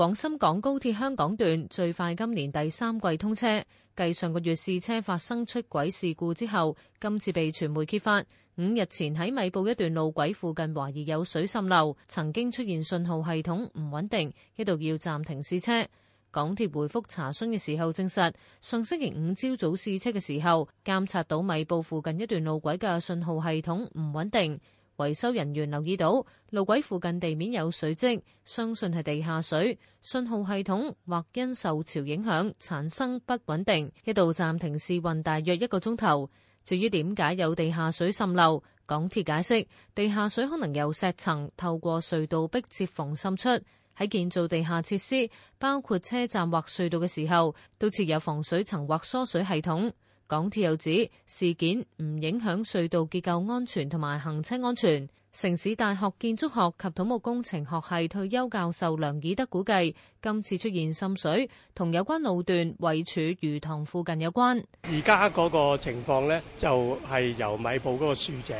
廣深港高鐵香港段最快今年第三季通車，繼上個月試車發生出軌事故之後，今次被傳媒揭發，五日前喺米埔一段路軌附近懷疑有水滲漏，曾經出現信號系統唔穩定，一度要暫停試車。港鐵回覆查詢嘅時候證實，上星期五朝早試車嘅時候，監察到米埔附近一段路軌嘅信號系統唔穩定。維修人員留意到路軌附近地面有水漬，相信係地下水。信號系統或因受潮影響產生不穩定，一度暫停試運大約一個鐘頭。至於點解有地下水滲漏，港鐵解釋，地下水可能由石層透過隧道壁接縫滲出。喺建造地下設施，包括車站或隧道嘅時候，都設有防水層或疏水系統。港鐵又指事件唔影響隧道結構安全同埋行車安全。城市大學建築學及土木工程學系退休教授梁以德估計，今次出現滲水同有關路段位處魚塘附近有關。而家嗰個情況呢，就係由米埔嗰個豎井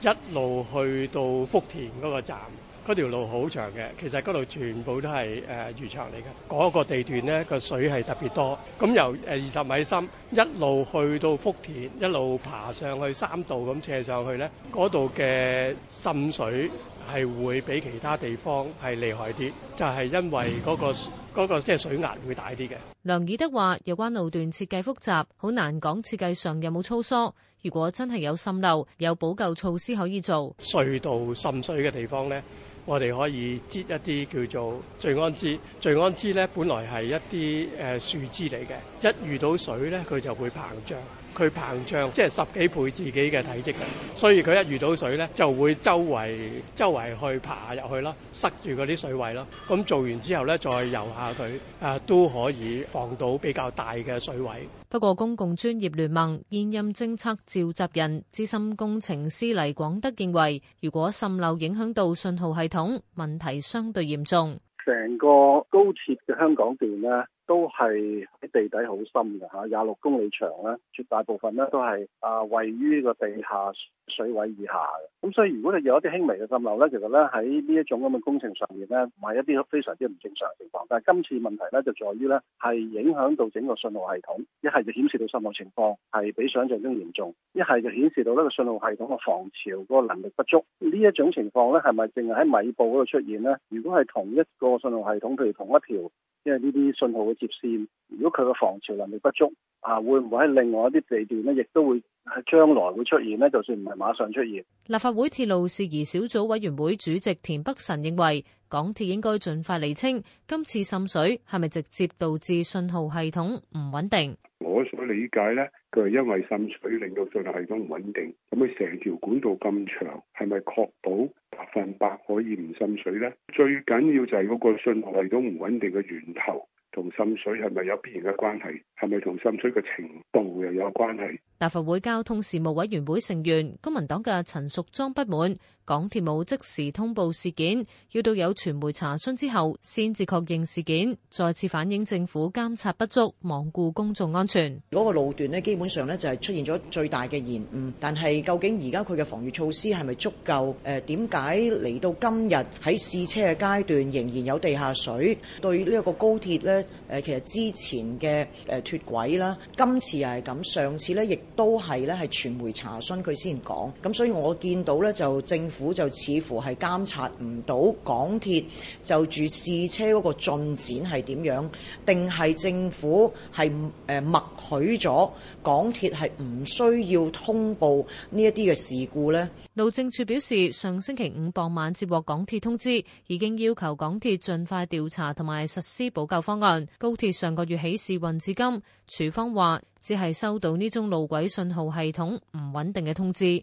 一路去到福田嗰個站。嗰條路好長嘅，其實嗰度全部都係誒魚場嚟嘅，嗰個地段咧個水係特別多，咁由二十米深一路去到福田，一路爬上去三度咁斜上去咧，嗰度嘅滲水係會比其他地方係厲害啲，就係因為嗰個。嗰、那個即係水壓會大啲嘅。梁以德話：有關路段設計複雜，好難講設計上有冇粗疏。如果真係有滲漏，有補救措施可以做。隧道滲水嘅地方咧，我哋可以擠一啲叫做聚氨酯。聚氨酯咧，本來係一啲誒樹脂嚟嘅，一遇到水咧，佢就會膨脹。佢膨脹即係十幾倍自己嘅體積嘅，所以佢一遇到水咧，就會周圍周圍去爬入去啦，塞住嗰啲水位咯。咁做完之後咧，再遊下佢，誒都可以防到比較大嘅水位。不過，公共專業聯盟現任政策召集人資深工程師黎廣德認為，如果滲漏影響到信號系統，問題相對嚴重。成個高鐵嘅香港段咧。都係喺地底好深嘅吓，廿六公里長咧，絕大部分咧都係啊位於呢個地下水位以下嘅。咁所以如果你有一啲輕微嘅滲漏咧，其實咧喺呢一種咁嘅工程上面咧，唔係一啲非常之唔正常嘅情況。但係今次問題咧就在於咧，係影響到整個信號系統，一係就顯示到信號情況係比想像中嚴重，一係就顯示到呢個信號系統嘅防潮嗰個能力不足。呢一種情況咧係咪淨係喺米埔嗰度出現咧？如果係同一個信號系統，譬如同一條。因為呢啲信號嘅接線，如果佢個防潮能力不足，啊，會唔會喺另外一啲地段咧，亦都會喺將來會出現咧？就算唔係馬上出現，立法會鐵路事宜小組委員會主席田北辰認為，港鐵應該盡快釐清今次滲水係咪直接導致信號系統唔穩定。我所理解咧，佢係因為滲水令到信號系統唔穩定，咁佢成條管道咁長，係咪確保？百分百可以唔滲水咧？最緊要就係嗰個信號嚟到唔穩定嘅源頭。同滲水係咪有必然嘅關係？係咪同滲水嘅程度又有關係？立法會交通事務委員會成員、公民黨嘅陳淑莊不滿。港鐵冇即時通報事件，要到有傳媒查詢之後先至確認事件，再次反映政府監察不足，罔顧公眾安全。嗰個路段咧，基本上咧就係出現咗最大嘅延誤，但係究竟而家佢嘅防禦措施係咪足夠？誒點解嚟到今日喺試車嘅階段仍然有地下水？對呢一個高鐵咧，誒其實之前嘅誒脫軌啦，今次又係咁，上次咧亦都係咧係傳媒查詢佢先講咁，所以我見到咧就政府。府就似乎係監察唔到港鐵，就住試車嗰個進展係點樣定係政府係誒默許咗港鐵係唔需要通報呢一啲嘅事故咧？路政署表示，上星期五傍晚接獲港鐵通知，已經要求港鐵盡快調查同埋實施補救方案。高鐵上個月起試運至今，署方話只係收到呢宗路軌信號系統唔穩定嘅通知。